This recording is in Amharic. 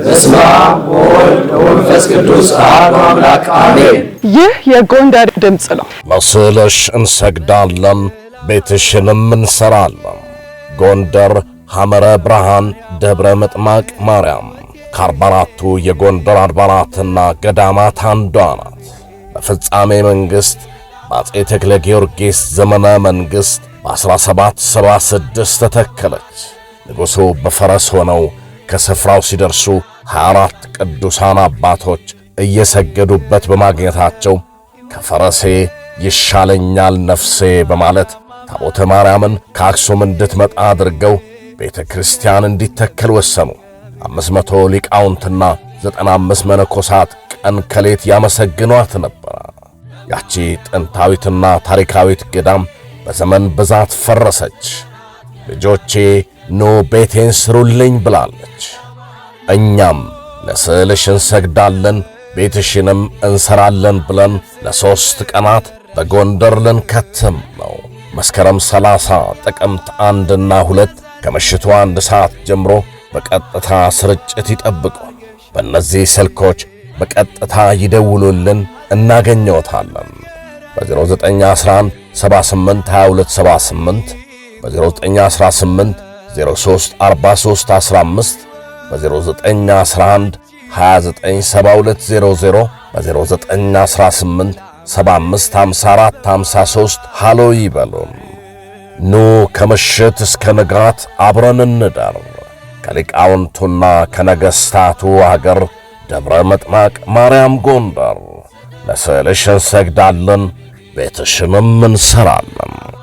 በስመ አብ ወወልድ ወመንፈስ ቅዱስ አሐዱ አምላክ አሜን። ይህ የጎንደር ድምፅ ነው። ለስዕልሽ እንሰግዳለን፣ ቤትሽንም እንሰራለን። ጎንደር ሐመረ ብርሃን ደብረ ምጥማቅ ማርያም ከአርባ አራቱ የጎንደር አድባራትና ገዳማት አንዷ ናት። በፍጻሜ መንግሥት በአፄ ተክለ ጊዮርጊስ ዘመነ መንግሥት በ1776 ተተከለች። ንጉሡ በፈረስ ሆነው ከስፍራው ሲደርሱ ሃያ አራት ቅዱሳን አባቶች እየሰገዱበት በማግኘታቸው ከፈረሴ ይሻለኛል ነፍሴ በማለት ታቦተ ማርያምን ከአክሱም እንድትመጣ አድርገው ቤተ ክርስቲያን እንዲተከል ወሰኑ። አምስት መቶ ሊቃውንትና ዘጠና አምስት መነኮሳት ቀን ከሌት ያመሰግኗት ነበር። ያቺ ጥንታዊትና ታሪካዊት ገዳም በዘመን ብዛት ፈረሰች። ልጆቼ ኖ ቤቴን ስሩልኝ ብላለች። እኛም ለስዕልሽ እንሰግዳለን ቤትሽንም እንሰራለን ብለን ለሦስት ቀናት በጎንደር ልንከትም ነው። መስከረም 30 ጥቅምት አንድና ሁለት ከምሽቱ አንድ ሰዓት ጀምሮ በቀጥታ ስርጭት ይጠብቁን። በእነዚህ ስልኮች በቀጥታ ይደውሉልን፣ እናገኘዎታለን። በ0911 78 በ0918 034315 በ0911 297200 በ0918 755453 ሃሎ ይበሉም። ኑ ከምሽት እስከ ንጋት አብረን እንዳር ከሊቃውንቱና ከነገሥታቱ አገር ደብረ ምጥማቅ ማርያም ጎንደር ለስዕልሽ እንሰግዳለን፣ ቤትሽንም እንሠራለን።